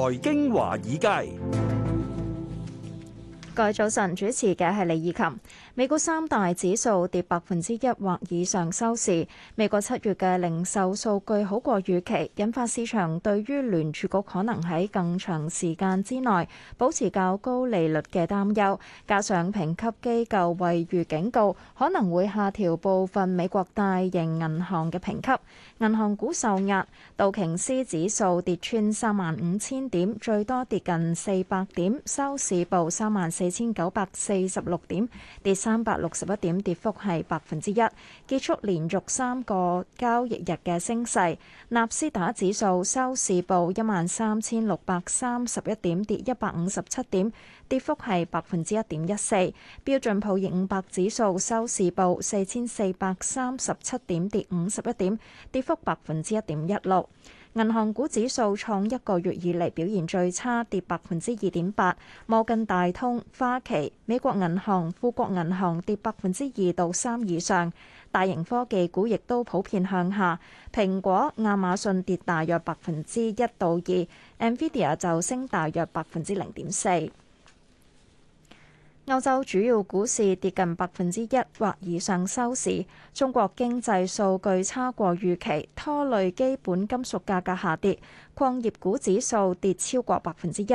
財經華爾街，各位早晨，主持嘅係李綺琴。美股三大指數跌百分之一或以上收市。美國七月嘅零售數據好過預期，引發市場對於聯儲局可能喺更長時間之內保持較高利率嘅擔憂。加上評級機構惠譽警告可能會下調部分美國大型銀行嘅評級，銀行股受壓。道瓊斯指數跌穿三萬五千點，最多跌近四百點，收市報三萬四千九百四十六點，跌三百六十一點，跌幅係百分之一，結束連續三個交易日嘅升勢。納斯達指數收市報一萬三千六百三十一點，跌一百五十七點，跌幅係百分之一點一四。標準普爾五百指數收市報四千四百三十七點，跌五十一點，跌幅百分之一點一六。銀行股指數創一個月以嚟表現最差，跌百分之二點八。摩根大通、花旗、美國銀行、富國銀行跌百分之二到三以上。大型科技股亦都普遍向下，蘋果、亞馬遜跌大約百分之一到二，Nvidia 就升大約百分之零點四。歐洲主要股市跌近百分之一或以上收市，中國經濟數據差過預期，拖累基本金屬價格下跌。礦業股指數跌超過百分之一，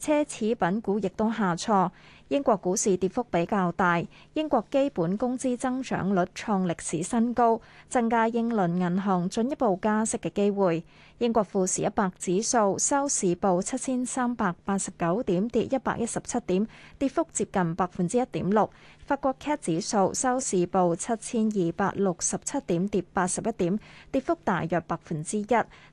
奢侈品股亦都下挫。英國股市跌幅比較大，英國基本工資增長率創歷史新高，增加英倫銀行進一步加息嘅機會。英國富時一百指數收市報七千三百八十九點，跌一百一十七點，跌幅接近百分之一點六。法國 CAC 指數收市報七千二百六十七點，跌八十一點，跌幅大約百分之一。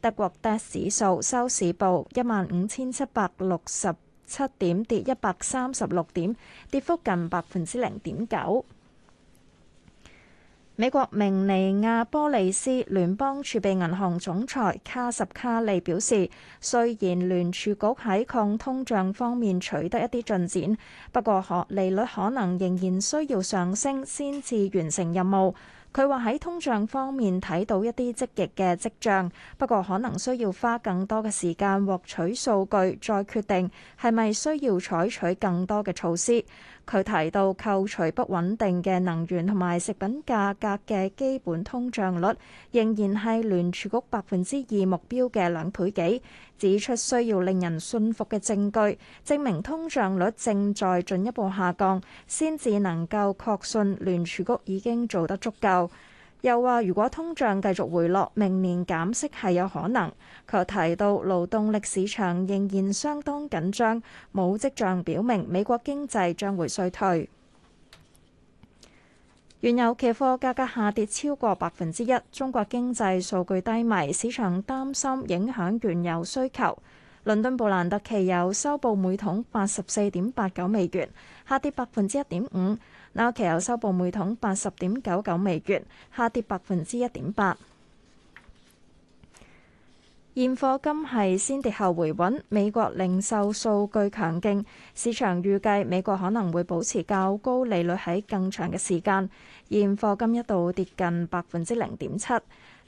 德國 DAX 指數。收市報一萬五千七百六十七點，跌一百三十六點，跌幅近百分之零點九。美國明尼亞波利斯聯邦儲備銀行總裁卡什卡利表示，雖然聯儲局喺抗通脹方面取得一啲進展，不過可利率可能仍然需要上升先至完成任務。佢話喺通脹方面睇到一啲積極嘅跡象，不過可能需要花更多嘅時間獲取數據，再決定係咪需要採取更多嘅措施。佢提到扣除不穩定嘅能源同埋食品價格嘅基本通脹率，仍然係聯儲局百分之二目標嘅兩倍幾，指出需要令人信服嘅證據證明通脹率正在進一步下降，先至能夠確信聯儲局已經做得足夠。又話，如果通脹繼續回落，明年減息係有可能。佢提到勞動力市場仍然相當緊張，冇跡象表明美國經濟將會衰退。原油期貨價格下跌超過百分之一，中國經濟數據低迷，市場擔心影響原油需求。倫敦布蘭特期油收報每桶八十四點八九美元，下跌百分之一點五。那期油收報每桶八十點九九美元，下跌百分之一點八。現貨金係先跌後回穩。美國零售數據強勁，市場預計美國可能會保持較高利率喺更長嘅時間。現貨金一度跌近百分之零點七，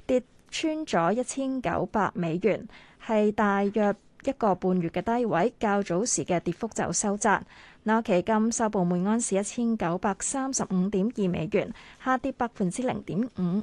跌穿咗一千九百美元，係大約一個半月嘅低位，較早時嘅跌幅就收窄。那期金收報每盎司一千九百三十五點二美元，下跌百分之零點五。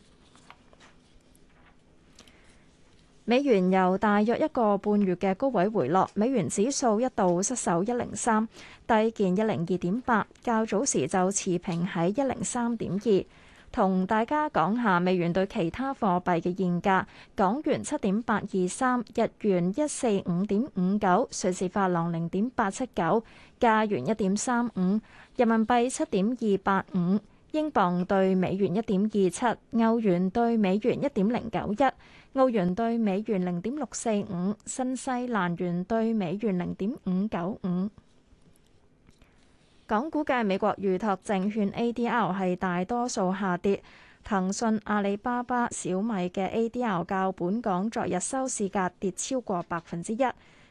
美元由大約一個半月嘅高位回落，美元指數一度失守一零三，低見一零二點八，較早時就持平喺一零三點二。同大家講下美元對其他貨幣嘅現價：港元七點八二三，日元一四五點五九，瑞士法郎零點八七九，加元一點三五，人民幣七點二八五，英鎊對美元一點二七，歐元對美元一點零九一，澳元對美元零點六四五，新西蘭元對美元零點五九五。港股嘅美國預託證券 A D R 係大多數下跌，騰訊、阿里巴巴、小米嘅 A D R 較本港昨日收市價跌超過百分之一，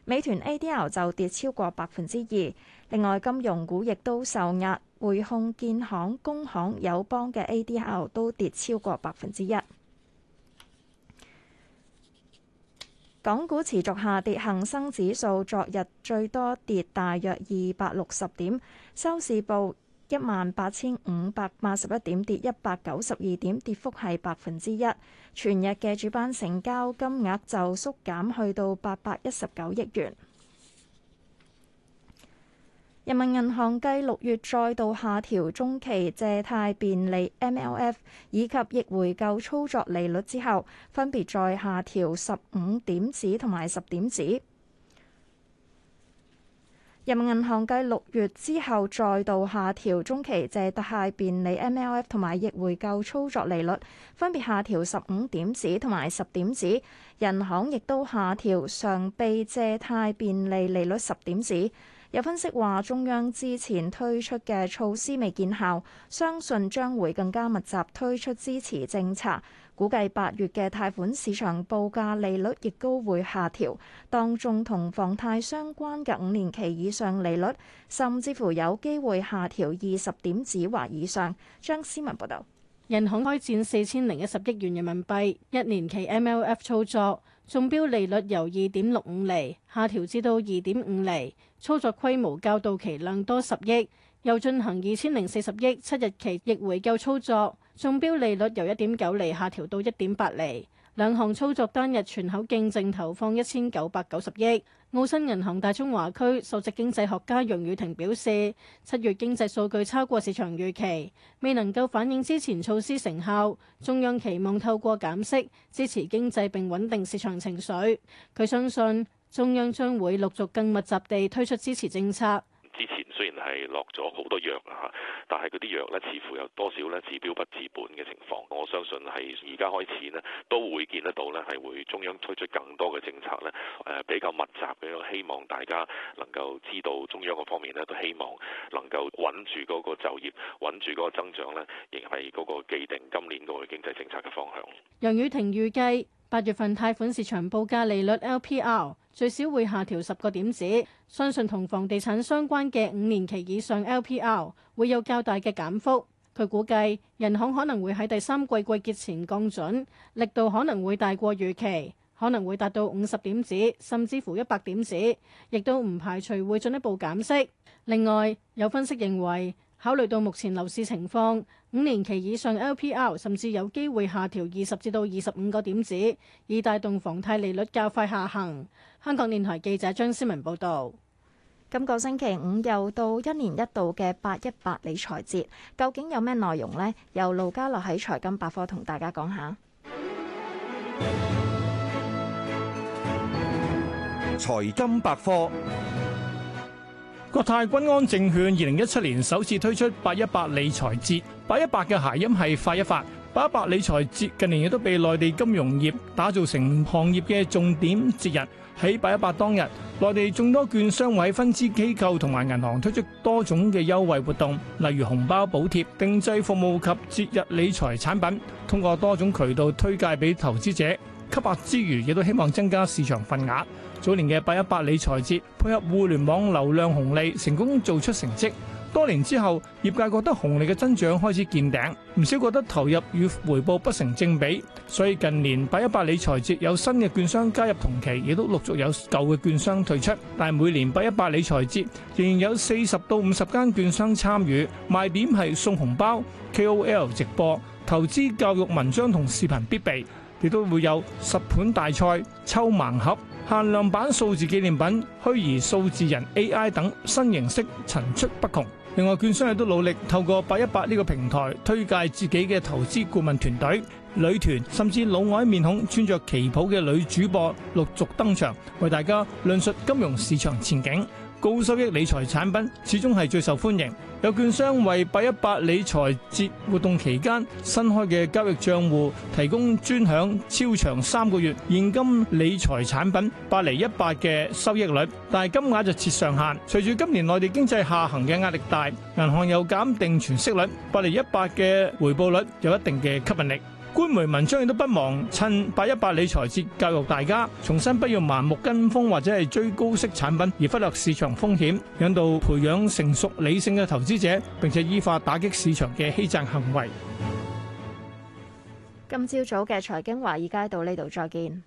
美團 A D R 就跌超過百分之二。另外，金融股亦都受壓，匯控、建行、工行、友邦嘅 A D R 都跌超過百分之一。港股持續下跌，恒生指數昨日最多跌大約二百六十點，收市報一萬八千五百八十一點，跌一百九十二點，跌幅係百分之一。全日嘅主板成交金額就縮減去到八百一十九億元。人民銀行繼六月再度下調中期借貸便利 MLF 以及逆回購操作利率之後，分別再下調十五點子同埋十點子。人民銀行繼六月之後再度下調中期借貸便利 MLF 同埋逆回購操作利率，分別下調十五點子同埋十點子。人行亦都下調常備借貸便利利率十點子。有分析話，中央之前推出嘅措施未見效，相信將會更加密集推出支持政策。估計八月嘅貸款市場報價利率亦都會下調，當中同房貸相關嘅五年期以上利率，甚至乎有機會下調二十點子或以上。張思文報道，人行開展四千零一十億元人民幣一年期 MLF 操作，中標利率由二點六五厘下調至到二點五厘。操作規模較到期量多十億，又進行二千零四十億七日期逆回購操作，中標利率由一點九厘下調到一點八厘。兩項操作單日全口徑淨投放一千九百九十億。澳新銀行大中華區首席經濟學家楊雨婷表示，七月經濟數據超過市場預期，未能夠反映之前措施成效。中央期望透過減息支持經濟並穩定市場情緒。佢相信，中央將會陸續更密集地推出支持政策。之前雖然係落咗好多藥啦，但係嗰啲藥咧似乎有多少咧治標不治本嘅情況。我相信係而家開始咧都會見得到咧係會中央推出更多嘅政策咧，誒、呃、比較密集嘅。希望大家能夠知道中央嗰方面咧都希望能夠穩住嗰個就業、穩住嗰個增長呢仍係嗰個既定今年個經濟政策嘅方向。楊宇婷預計八月份貸款市場報價利率 LPR。最少會下調十個點子，相信同房地產相關嘅五年期以上 LPR 會有較大嘅減幅。佢估計人行可能會喺第三季季結前降準，力度可能會大過預期，可能會達到五十點子，甚至乎一百點子，亦都唔排除會進一步減息。另外，有分析認為，考慮到目前樓市情況，五年期以上 LPR 甚至有機會下調二十至到二十五個點子，以帶動房貸利率較快下行。香港電台記者張思文報道。今個星期五又到一年一度嘅八一八理財節，究竟有咩內容呢？由盧家樂喺財金百科同大家講下。財金百科。國泰君安證券二零一七年首次推出八一八理財節，八一八嘅諧音係快一發，八一八理財節近年亦都被內地金融業打造成行業嘅重點節日。喺八一八當日，內地眾多券商委分支機構同埋銀行推出多種嘅優惠活動，例如紅包補貼、定制服務及節日理財產品，通過多種渠道推介俾投資者。吸客之餘，亦都希望增加市場份額。早年嘅八一八理財節配合互聯網流量紅利，成功做出成績。多年之後，業界覺得紅利嘅增長開始見頂，唔少覺得投入與回報不成正比。所以近年八一八理財節有新嘅券商加入同期，亦都陸續有舊嘅券商退出。但係每年八一八理財節仍然有四十到五十間券商參與，賣點係送紅包、KOL 直播、投資教育文章同視頻必備。亦都會有十盤大賽、抽盲盒、限量版數字紀念品、虛擬數字人 AI 等新形式層出不窮。另外，券商亦都努力透過八一八呢個平台推介自己嘅投資顧問團隊、女團，甚至老外面孔、穿着旗袍嘅女主播，陸續登場為大家論述金融市場前景。高收益理財產品始終係最受歡迎，有券商為八一八理財節活動期間新開嘅交易賬戶提供專享超長三個月現金理財產品八厘一八嘅收益率，但係金額就設上限。隨住今年內地經濟下行嘅壓力大，銀行有減定存息率，八厘一八嘅回報率有一定嘅吸引力。官媒文章亦都不忘趁八一八理財節教育大家，重新不要盲目跟風或者係追高息產品，而忽略市場風險，引導培養成熟理性嘅投資者，並且依法打擊市場嘅欺詐行為。今朝早嘅財經華爾街到呢度再見。